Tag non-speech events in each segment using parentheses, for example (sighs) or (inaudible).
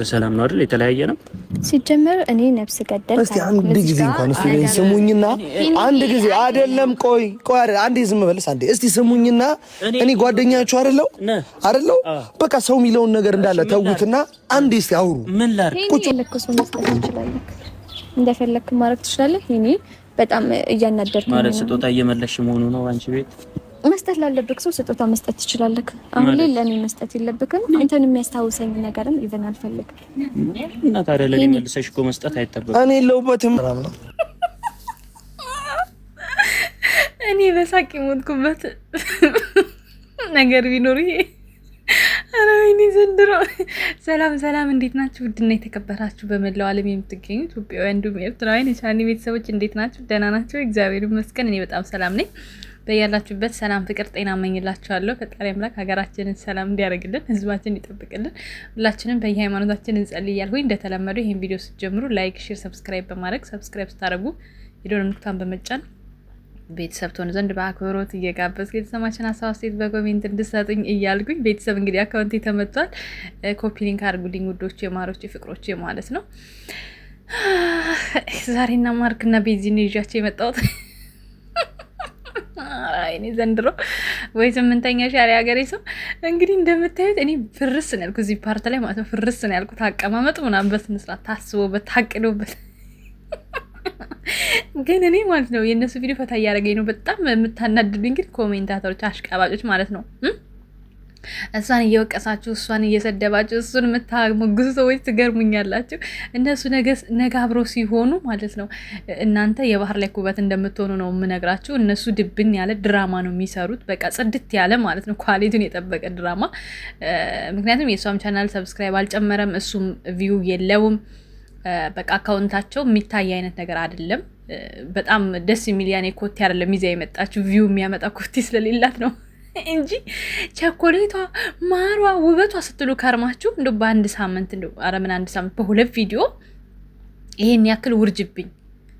በሰላም ነው አይደል? የተለያየ ነው ሲጀመር። እኔ ነፍስ ገደል እስቲ አንድ ጊዜ እንኳን እሱ ላይ ስሙኝና አንድ ጊዜ አይደለም። ቆይ ቆይ አይደል? አንዴ ዝም በልስ አንዴ እስቲ ስሙኝና እኔ ጓደኛችሁ አይደለው አይደለው? በቃ ሰው የሚለውን ነገር እንዳለ ተውትና አንዴ እስቲ አውሩ። ምን ላድርግ? ቁጭ ለከሱ መስጠት ትችላለህ፣ እንደፈለክ ማድረግ ትችላለህ። እኔ በጣም እያናደርኩ ማለት ስጦታ እየመለሽ መሆኑ ነው አንቺ ቤት መስጠት ላለብክ ሰው ስጦታ መስጠት ትችላለህ። አሁን ላይ ለእኔ መስጠት የለብክም። አንተን የሚያስታውሰኝ ነገርም ይዘን አልፈልግ እና ታዲያ ለእኔ መልሰሽ እኮ መስጠት አይጠበቅም። እኔ የለሁበትም። እኔ በሳቅ የሞትኩበት ነገር ቢኖር ይሄ ኧረ ወይኔ ዘንድሮ። ሰላም ሰላም፣ እንዴት ናችሁ? ውድና የተከበራችሁ በመላው ዓለም የምትገኙ ኢትዮጵያውያን እንዲሁም ኤርትራውያን የቻኒ ቤተሰቦች እንዴት ናችሁ? ደህና ናቸው። እግዚአብሔር ይመስገን እኔ በጣም ሰላም ነኝ። በያላችሁበት ሰላም፣ ፍቅር፣ ጤና መኝላችኋለሁ። ፈጣሪ አምላክ ሀገራችንን ሰላም እንዲያደርግልን፣ ህዝባችን ይጠብቅልን። ሁላችንም በየሃይማኖታችን እንጸልይ እያልኩኝ እንደተለመዱ ይህን ቪዲዮ ስትጀምሩ ላይክ፣ ሼር፣ ሰብስክራይብ በማድረግ ሰብስክራይብ ስታደርጉ የደወል ምልክቷን በመጫን ቤተሰብ ትሆኑ ዘንድ በአክብሮት እየጋበዝኩ የተሰማችን ሀሳብ አስተያየት በኮሜንት እንድሰጥኝ እያልኩኝ ቤተሰብ እንግዲህ አካውንቴ ተመቷል። ኮፒ ሊንክ አድርጉልኝ ውዶች፣ የማሮች ፍቅሮች ማለት ነው። (sighs) ዛሬና ማርክና ቤዚን ይዣቸው የመጣሁት እኔ ዘንድሮ ወይ ስምንተኛ ሻሪ ሀገሬ ሰው እንግዲህ እንደምታዩት እኔ ፍርስ ነው ያልኩት እዚህ ፓርት ላይ ማለት ነው። ፍርስ ነው ያልኩት አቀማመጡ ምናምን በስነ ስርዓት ታስቦበት ታቅዶበት ግን እኔ ማለት ነው የእነሱ ቪዲዮ ፈታ እያደረገኝ ነው። በጣም የምታናድዱ እንግዲህ ኮሜንታተሮች፣ አሽቃባጮች ማለት ነው። እሷን እየወቀሳችሁ እሷን እየሰደባችሁ እሱን የምታሞግዙ ሰዎች ትገርሙኛላችሁ። እነሱ ነገ አብረው ሲሆኑ ማለት ነው እናንተ የባህር ላይ ኩበት እንደምትሆኑ ነው የምነግራችሁ። እነሱ ድብን ያለ ድራማ ነው የሚሰሩት። በቃ ጽድት ያለ ማለት ነው ኳሊቲን የጠበቀ ድራማ። ምክንያቱም የእሷም ቻናል ሰብስክራይብ አልጨመረም፣ እሱም ቪው የለውም። በቃ አካውንታቸው የሚታይ አይነት ነገር አይደለም። በጣም ደስ የሚል ያኔ ኮቴ አይደለም ይዛ የመጣችው ቪው የሚያመጣ ኮቴ ስለሌላት ነው። እንጂ ቸኮሌቷ ማሯ ውበቷ ስትሉ ከርማችሁ እንደ በአንድ ሳምንት እንደ ኧረ ምን አንድ ሳምንት በሁለት ቪዲዮ ይሄን ያክል ውርጅብኝ፣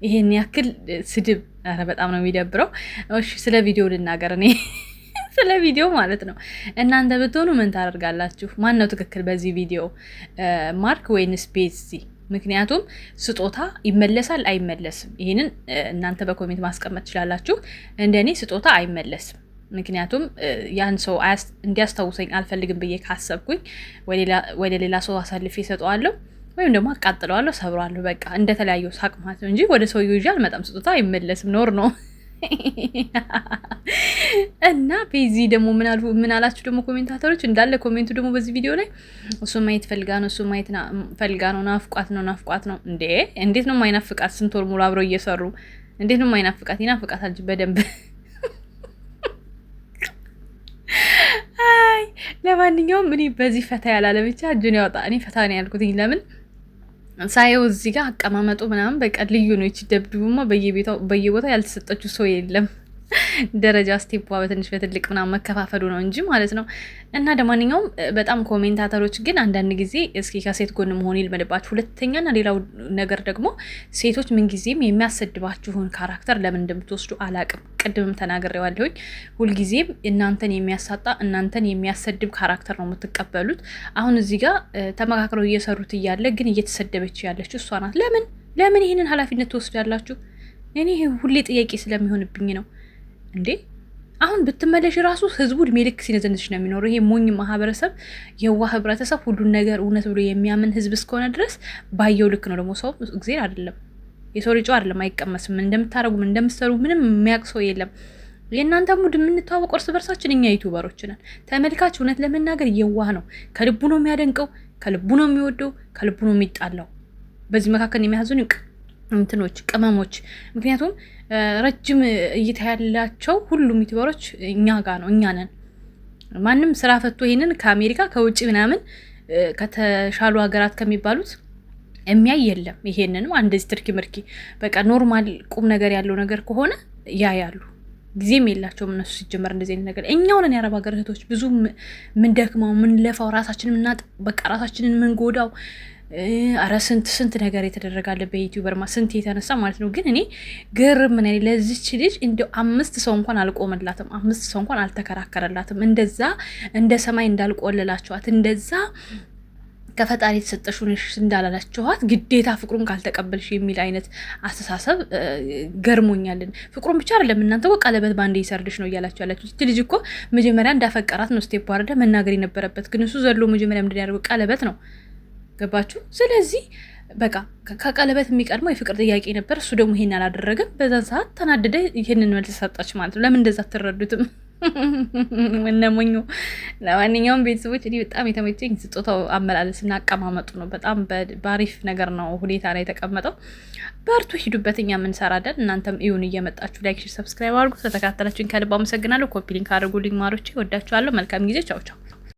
ይሄን ያክል ስድብ፣ ኧረ በጣም ነው የሚደብረው። እሺ ስለ ቪዲዮ ልናገር እኔ (laughs) ስለ ቪዲዮ ማለት ነው። እናንተ ብትሆኑ ምን ታደርጋላችሁ? ማን ነው ትክክል በዚህ ቪዲዮ ማርክ ወይንስ ቤዚ? ምክንያቱም ስጦታ ይመለሳል አይመለስም? ይህንን እናንተ በኮሜንት ማስቀመጥ ትችላላችሁ። እንደኔ ስጦታ አይመለስም። ምክንያቱም ያን ሰው እንዲያስታውሰኝ አልፈልግም ብዬ ካሰብኩኝ ወደ ሌላ ሰው አሳልፌ ይሰጠዋለሁ ወይም ደግሞ አቃጥለዋለሁ፣ ሰብረዋለሁ። በቃ እንደተለያዩ ሳቅ ማለት ነው እንጂ ወደ ሰው ይዤ አልመጣም። ስጦታ አይመለስም፣ ኖር ነው። (laughs) እና ቤዚ ደግሞ ምን አላችሁ ደግሞ ኮሜንታተሮች እንዳለ ኮሜንቱ ደግሞ በዚህ ቪዲዮ ላይ እሱ ማየት ፈልጋ ነው፣ እሱ ማየት ፈልጋ ነው፣ ናፍቋት ነው፣ ናፍቋት ነው። እንዴ እንዴት ነው ማይናፍቃት? ስንት ወር ሙሉ አብረው እየሰሩ እንዴት ነው ማይናፍቃት? ይናፍቃታል በደንብ ለማንኛውም እኔ በዚህ ፈታ ያላለ ብቻ እጁን ያወጣ። እኔ ፈታ ነው ያልኩትኝ ለምን ሳየው እዚህ ጋር አቀማመጡ ምናምን በቃ ልዩ ነው። ይች ደብድቡማ በየቦታው ያልተሰጠችው ሰው የለም። ደረጃ ስቴፕ በትንሽ በትልቅ ምናምን መከፋፈሉ ነው እንጂ ማለት ነው። እና ለማንኛውም በጣም ኮሜንታተሮች ግን አንዳንድ ጊዜ እስኪ ከሴት ጎን መሆን ይልመድባችሁ። ሁለተኛና ሌላው ነገር ደግሞ ሴቶች ምንጊዜም የሚያሰድባችሁን ካራክተር ለምን እንደምትወስዱ አላቅም። ቅድምም ተናግሬዋለሁኝ። ሁልጊዜም እናንተን የሚያሳጣ እናንተን የሚያሰድብ ካራክተር ነው የምትቀበሉት። አሁን እዚህ ጋር ተመካክረው እየሰሩት እያለ ግን እየተሰደበች ያለችው እሷ ናት። ለምን ለምን ይህንን ኃላፊነት ትወስዳላችሁ? እኔ ሁሌ ጥያቄ ስለሚሆንብኝ ነው። እንዴ አሁን ብትመለሽ ራሱ ህዝቡ እድሜ ልክ ሲነዘንሽ ነው የሚኖረው። ይሄ ሞኝ ማህበረሰብ፣ የዋህ ህብረተሰብ፣ ሁሉን ነገር እውነት ብሎ የሚያምን ህዝብ እስከሆነ ድረስ ባየው ልክ ነው። ደግሞ ሰው ጊዜ አይደለም የሰው ልጅ አይደለም አይቀመስም። እንደምታረጉ እንደምትሰሩ ምንም የሚያውቅ ሰው የለም። የእናንተ ሙድ የምንተዋወቅ እርስ በርሳችን እኛ ዩቱበሮች ነን። ተመልካች እውነት ለመናገር የዋህ ነው። ከልቡ ነው የሚያደንቀው፣ ከልቡ ነው የሚወደው፣ ከልቡ ነው የሚጣላው። በዚህ መካከል የሚያሳዝን እንትኖች ቅመሞች። ምክንያቱም ረጅም እይታ ያላቸው ሁሉም ዩቲዩበሮች እኛ ጋ ነው፣ እኛ ነን። ማንም ስራ ፈቶ ይሄንን ከአሜሪካ ከውጭ ምናምን ከተሻሉ ሀገራት ከሚባሉት የሚያይ የለም። ይሄንንም አንደዚህ ትርኪ ምርኪ በቃ ኖርማል ቁም ነገር ያለው ነገር ከሆነ ያ ያሉ ጊዜም የላቸውም እነሱ ሲጀመር እንደዚህ አይነት ነገር። እኛውን የአረብ ሀገር እህቶች ብዙ ምንደክመው ምንለፋው ራሳችንን ምናጥ በቃ ራሳችንን ምንጎዳው አረ ስንት ስንት ነገር የተደረጋለ በዩቲዩበር ማ ስንት የተነሳ ማለት ነው። ግን እኔ ግርም ነኝ ለዚች ልጅ እንዲያው አምስት ሰው እንኳን አልቆመላትም፣ አምስት ሰው እንኳን አልተከራከረላትም። እንደዛ እንደ ሰማይ እንዳልቆለላቸዋት እንደዛ ከፈጣሪ የተሰጠሽውን እንዳላላችኋት ግዴታ ፍቅሩን ካልተቀበልሽ የሚል አይነት አስተሳሰብ ገርሞኛልን። ፍቅሩን ብቻ አይደለም እናንተ እኮ ቀለበት በአንዴ ይሰርድሽ ነው እያላችሁ ያላችሁ። ይቺ ልጅ እኮ መጀመሪያ እንዳፈቀራት ነው ስቴፕ አርዳ መናገር የነበረበት። ግን እሱ ዘሎ መጀመሪያ ምንድን ያደርገው ቀለበት ነው ገባችሁ? ስለዚህ በቃ ከቀለበት የሚቀድመው የፍቅር ጥያቄ ነበር። እሱ ደግሞ ይሄን አላደረገም። በዛን ሰዓት ተናደደ። ይህንን መልስ ሰጣች ማለት ነው። ለምን እንደዛ አትረዱትም? (laughs) እነሞኙ ለማንኛውም ቤተሰቦች እኔ በጣም የተመቸኝ ስጦታው አመላለስና አቀማመጡ ነው። በጣም በአሪፍ ነገር ነው ሁኔታ ላይ የተቀመጠው። በርቱ፣ ሂዱበት፣ እኛ የምንሰራለን። እናንተም እዩን እየመጣችሁ ላይክ፣ ሰብስክራይብ አድርጉ። ስለተከታተላችሁን ከልብ አመሰግናለሁ። ኮፒ ሊንክ አድርጉልኝ። ማሮቼ ወዳችኋለሁ። መልካም ጊዜ። ቻው ቻው።